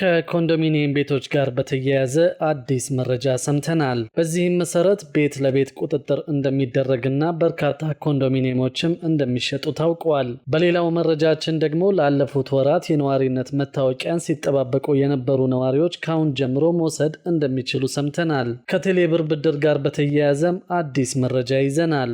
ከኮንዶሚኒየም ቤቶች ጋር በተያያዘ አዲስ መረጃ ሰምተናል። በዚህም መሰረት ቤት ለቤት ቁጥጥር እንደሚደረግና በርካታ ኮንዶሚኒየሞችም እንደሚሸጡ ታውቋል። በሌላው መረጃችን ደግሞ ላለፉት ወራት የነዋሪነት መታወቂያን ሲጠባበቁ የነበሩ ነዋሪዎች ካሁን ጀምሮ መውሰድ እንደሚችሉ ሰምተናል። ከቴሌ ብድር ጋር በተያያዘም አዲስ መረጃ ይዘናል።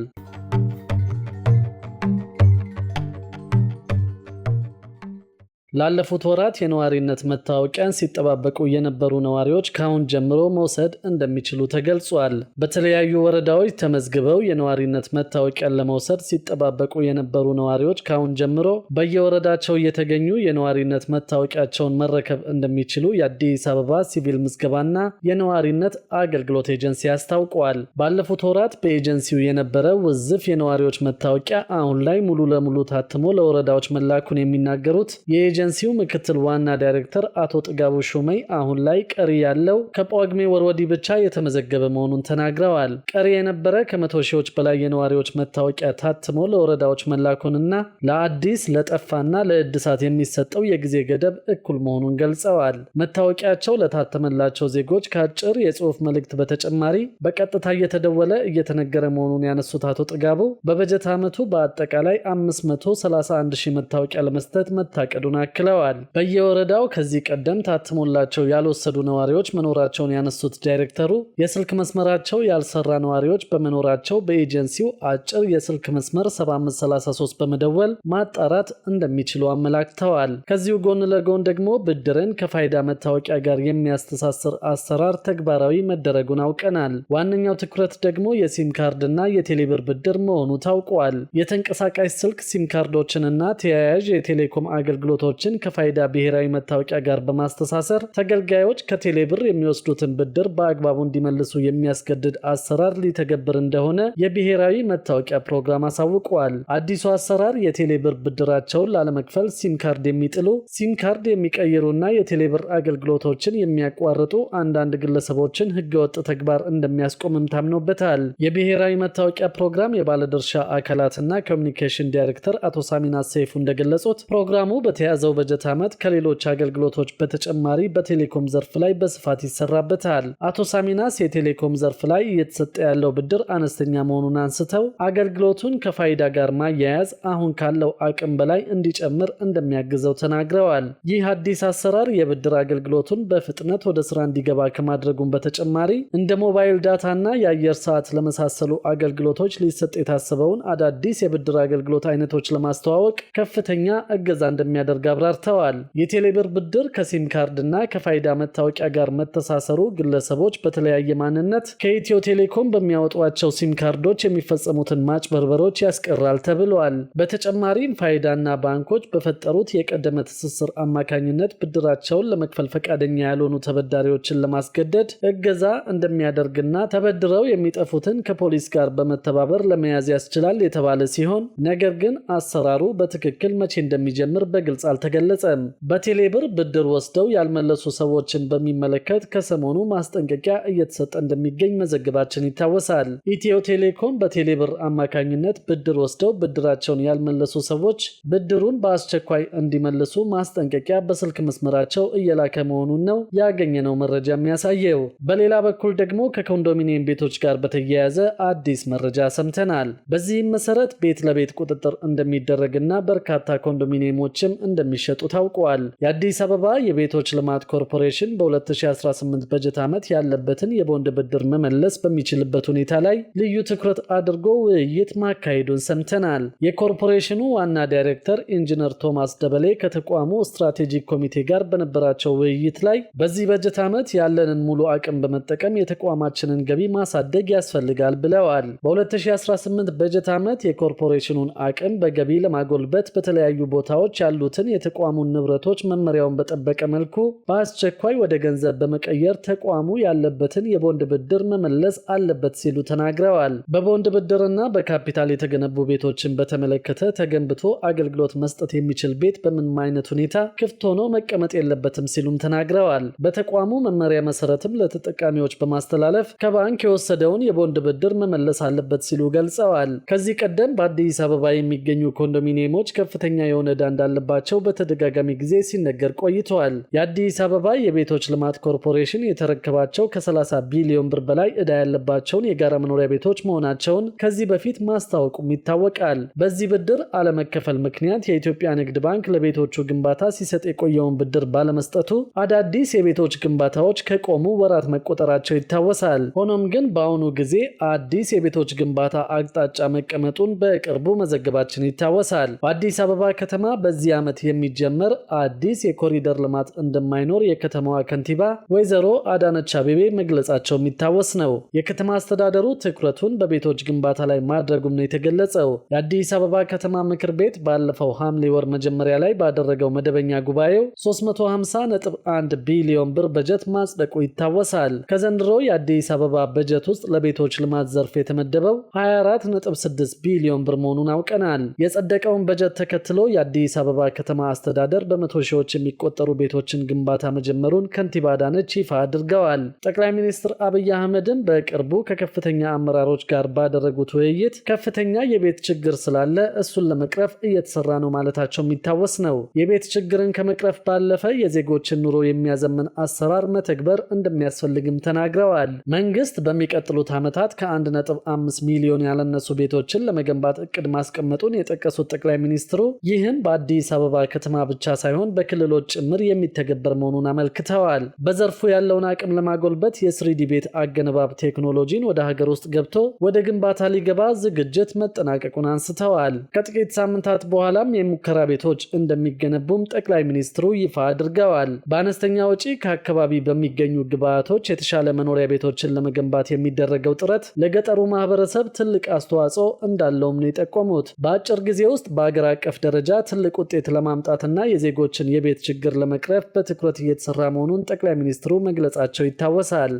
ላለፉት ወራት የነዋሪነት መታወቂያን ሲጠባበቁ የነበሩ ነዋሪዎች ካሁን ጀምሮ መውሰድ እንደሚችሉ ተገልጿል። በተለያዩ ወረዳዎች ተመዝግበው የነዋሪነት መታወቂያን ለመውሰድ ሲጠባበቁ የነበሩ ነዋሪዎች ካሁን ጀምሮ በየወረዳቸው እየተገኙ የነዋሪነት መታወቂያቸውን መረከብ እንደሚችሉ የአዲስ አበባ ሲቪል ምዝገባና የነዋሪነት አገልግሎት ኤጀንሲ አስታውቋል። ባለፉት ወራት በኤጀንሲው የነበረ ውዝፍ የነዋሪዎች መታወቂያ አሁን ላይ ሙሉ ለሙሉ ታትሞ ለወረዳዎች መላኩን የሚናገሩት የኤጀንሲ ኤጀንሲው ምክትል ዋና ዳይሬክተር አቶ ጥጋቡ ሹመይ አሁን ላይ ቀሪ ያለው ከጳጉሜ ወር ወዲህ ብቻ የተመዘገበ መሆኑን ተናግረዋል። ቀሪ የነበረ ከመቶ ሺዎች በላይ የነዋሪዎች መታወቂያ ታትሞ ለወረዳዎች መላኩንና ለአዲስ ለጠፋና ለእድሳት የሚሰጠው የጊዜ ገደብ እኩል መሆኑን ገልጸዋል። መታወቂያቸው ለታተመላቸው ዜጎች ከአጭር የጽሑፍ መልእክት በተጨማሪ በቀጥታ እየተደወለ እየተነገረ መሆኑን ያነሱት አቶ ጥጋቡ በበጀት ዓመቱ በአጠቃላይ 531 ሺህ መታወቂያ ለመስጠት መታቀዱን አክለዋል። በየወረዳው ከዚህ ቀደም ታትሞላቸው ያልወሰዱ ነዋሪዎች መኖራቸውን ያነሱት ዳይሬክተሩ የስልክ መስመራቸው ያልሰራ ነዋሪዎች በመኖራቸው በኤጀንሲው አጭር የስልክ መስመር 7533 በመደወል ማጣራት እንደሚችሉ አመላክተዋል። ከዚሁ ጎን ለጎን ደግሞ ብድርን ከፋይዳ መታወቂያ ጋር የሚያስተሳስር አሰራር ተግባራዊ መደረጉን አውቀናል። ዋነኛው ትኩረት ደግሞ የሲም ካርድና የቴሌብር ብድር መሆኑ ታውቋል። የተንቀሳቃሽ ስልክ ሲም ካርዶችንና ተያያዥ የቴሌኮም አገልግሎቶች ፕላኖችን ከፋይዳ ብሔራዊ መታወቂያ ጋር በማስተሳሰር ተገልጋዮች ከቴሌ ብር የሚወስዱትን ብድር በአግባቡ እንዲመልሱ የሚያስገድድ አሰራር ሊተገብር እንደሆነ የብሔራዊ መታወቂያ ፕሮግራም አሳውቀዋል። አዲሱ አሰራር የቴሌ ብር ብድራቸውን ላለመክፈል ሲም ካርድ የሚጥሉ፣ ሲም ካርድ የሚቀይሩና የቴሌ ብር አገልግሎቶችን የሚያቋርጡ አንዳንድ ግለሰቦችን ህገወጥ ተግባር እንደሚያስቆምም ታምኖበታል። የብሔራዊ መታወቂያ ፕሮግራም የባለድርሻ አካላትና ኮሚኒኬሽን ዳይሬክተር አቶ ሳሚና ሰይፉ እንደገለጹት ፕሮግራሙ በተያዘ በተያዘው በጀት ዓመት ከሌሎች አገልግሎቶች በተጨማሪ በቴሌኮም ዘርፍ ላይ በስፋት ይሰራበታል። አቶ ሳሚናስ የቴሌኮም ዘርፍ ላይ እየተሰጠ ያለው ብድር አነስተኛ መሆኑን አንስተው አገልግሎቱን ከፋይዳ ጋር ማያያዝ አሁን ካለው አቅም በላይ እንዲጨምር እንደሚያግዘው ተናግረዋል። ይህ አዲስ አሰራር የብድር አገልግሎቱን በፍጥነት ወደ ስራ እንዲገባ ከማድረጉን በተጨማሪ እንደ ሞባይል ዳታና የአየር ሰዓት ለመሳሰሉ አገልግሎቶች ሊሰጥ የታሰበውን አዳዲስ የብድር አገልግሎት አይነቶች ለማስተዋወቅ ከፍተኛ እገዛ እንደሚያደርግ አብራርተዋል። የቴሌብር ብድር ከሲም ካርድ እና ከፋይዳ መታወቂያ ጋር መተሳሰሩ ግለሰቦች በተለያየ ማንነት ከኢትዮ ቴሌኮም በሚያወጧቸው ሲም ካርዶች የሚፈጸሙትን ማጭበርበሮች ያስቀራል ተብለዋል። በተጨማሪም ፋይዳና ባንኮች በፈጠሩት የቀደመ ትስስር አማካኝነት ብድራቸውን ለመክፈል ፈቃደኛ ያልሆኑ ተበዳሪዎችን ለማስገደድ እገዛ እንደሚያደርግና ተበድረው የሚጠፉትን ከፖሊስ ጋር በመተባበር ለመያዝ ያስችላል የተባለ ሲሆን ነገር ግን አሰራሩ በትክክል መቼ እንደሚጀምር በግልጽ አልተ ተገለጸ። በቴሌ ብር ብድር ወስደው ያልመለሱ ሰዎችን በሚመለከት ከሰሞኑ ማስጠንቀቂያ እየተሰጠ እንደሚገኝ መዘግባችን ይታወሳል። ኢትዮ ቴሌኮም በቴሌ ብር አማካኝነት ብድር ወስደው ብድራቸውን ያልመለሱ ሰዎች ብድሩን በአስቸኳይ እንዲመልሱ ማስጠንቀቂያ በስልክ መስመራቸው እየላከ መሆኑን ነው ያገኘነው መረጃ የሚያሳየው። በሌላ በኩል ደግሞ ከኮንዶሚኒየም ቤቶች ጋር በተያያዘ አዲስ መረጃ ሰምተናል። በዚህም መሰረት ቤት ለቤት ቁጥጥር እንደሚደረግና በርካታ ኮንዶሚኒየሞችም እንደሚ እንደሚሸጡ ታውቀዋል። የአዲስ አበባ የቤቶች ልማት ኮርፖሬሽን በ2018 በጀት ዓመት ያለበትን የቦንድ ብድር መመለስ በሚችልበት ሁኔታ ላይ ልዩ ትኩረት አድርጎ ውይይት ማካሄዱን ሰምተናል። የኮርፖሬሽኑ ዋና ዳይሬክተር ኢንጂነር ቶማስ ደበሌ ከተቋሙ ስትራቴጂክ ኮሚቴ ጋር በነበራቸው ውይይት ላይ በዚህ በጀት ዓመት ያለንን ሙሉ አቅም በመጠቀም የተቋማችንን ገቢ ማሳደግ ያስፈልጋል ብለዋል። በ2018 በጀት ዓመት የኮርፖሬሽኑን አቅም በገቢ ለማጎልበት በተለያዩ ቦታዎች ያሉትን የ የተቋሙን ንብረቶች መመሪያውን በጠበቀ መልኩ በአስቸኳይ ወደ ገንዘብ በመቀየር ተቋሙ ያለበትን የቦንድ ብድር መመለስ አለበት ሲሉ ተናግረዋል። በቦንድ ብድርና በካፒታል የተገነቡ ቤቶችን በተመለከተ ተገንብቶ አገልግሎት መስጠት የሚችል ቤት በምንም አይነት ሁኔታ ክፍት ሆኖ መቀመጥ የለበትም ሲሉም ተናግረዋል። በተቋሙ መመሪያ መሰረትም ለተጠቃሚዎች በማስተላለፍ ከባንክ የወሰደውን የቦንድ ብድር መመለስ አለበት ሲሉ ገልጸዋል። ከዚህ ቀደም በአዲስ አበባ የሚገኙ ኮንዶሚኒየሞች ከፍተኛ የሆነ ዕዳ እንዳለባቸው በተደጋጋሚ ጊዜ ሲነገር ቆይተዋል። የአዲስ አበባ የቤቶች ልማት ኮርፖሬሽን የተረከባቸው ከ30 ቢሊዮን ብር በላይ እዳ ያለባቸውን የጋራ መኖሪያ ቤቶች መሆናቸውን ከዚህ በፊት ማስታወቁም ይታወቃል። በዚህ ብድር አለመከፈል ምክንያት የኢትዮጵያ ንግድ ባንክ ለቤቶቹ ግንባታ ሲሰጥ የቆየውን ብድር ባለመስጠቱ አዳዲስ የቤቶች ግንባታዎች ከቆሙ ወራት መቆጠራቸው ይታወሳል። ሆኖም ግን በአሁኑ ጊዜ አዲስ የቤቶች ግንባታ አቅጣጫ መቀመጡን በቅርቡ መዘገባችን ይታወሳል። በአዲስ አበባ ከተማ በዚህ ዓመት የሚ የሚጀመር አዲስ የኮሪደር ልማት እንደማይኖር የከተማዋ ከንቲባ ወይዘሮ አዳነች አቤቤ መግለጻቸው የሚታወስ ነው። የከተማ አስተዳደሩ ትኩረቱን በቤቶች ግንባታ ላይ ማድረጉም ነው የተገለጸው። የአዲስ አበባ ከተማ ምክር ቤት ባለፈው ሐምሌ ወር መጀመሪያ ላይ ባደረገው መደበኛ ጉባኤው 350.1 ቢሊዮን ብር በጀት ማጽደቁ ይታወሳል። ከዘንድሮ የአዲስ አበባ በጀት ውስጥ ለቤቶች ልማት ዘርፍ የተመደበው 246 ቢሊዮን ብር መሆኑን አውቀናል። የጸደቀውን በጀት ተከትሎ የአዲስ አበባ ከተማ አስተዳደር በመቶ ሺዎች የሚቆጠሩ ቤቶችን ግንባታ መጀመሩን ከንቲባ አዳነች ይፋ አድርገዋል። ጠቅላይ ሚኒስትር አብይ አህመድም በቅርቡ ከከፍተኛ አመራሮች ጋር ባደረጉት ውይይት ከፍተኛ የቤት ችግር ስላለ እሱን ለመቅረፍ እየተሰራ ነው ማለታቸው የሚታወስ ነው። የቤት ችግርን ከመቅረፍ ባለፈ የዜጎችን ኑሮ የሚያዘምን አሰራር መተግበር እንደሚያስፈልግም ተናግረዋል። መንግስት በሚቀጥሉት ዓመታት ከ1.5 ሚሊዮን ያለነሱ ቤቶችን ለመገንባት እቅድ ማስቀመጡን የጠቀሱት ጠቅላይ ሚኒስትሩ ይህም በአዲስ አበባ ከተማ ብቻ ሳይሆን በክልሎች ጭምር የሚተገበር መሆኑን አመልክተዋል። በዘርፉ ያለውን አቅም ለማጎልበት የስሪዲ ቤት አገነባብ ቴክኖሎጂን ወደ ሀገር ውስጥ ገብቶ ወደ ግንባታ ሊገባ ዝግጅት መጠናቀቁን አንስተዋል። ከጥቂት ሳምንታት በኋላም የሙከራ ቤቶች እንደሚገነቡም ጠቅላይ ሚኒስትሩ ይፋ አድርገዋል። በአነስተኛ ወጪ ከአካባቢ በሚገኙ ግብዓቶች የተሻለ መኖሪያ ቤቶችን ለመገንባት የሚደረገው ጥረት ለገጠሩ ማህበረሰብ ትልቅ አስተዋጽኦ እንዳለውም ነው የጠቆሙት። በአጭር ጊዜ ውስጥ በአገር አቀፍ ደረጃ ትልቅ ውጤት ለማምጣት ለማምጣትና የዜጎችን የቤት ችግር ለመቅረፍ በትኩረት እየተሰራ መሆኑን ጠቅላይ ሚኒስትሩ መግለጻቸው ይታወሳል።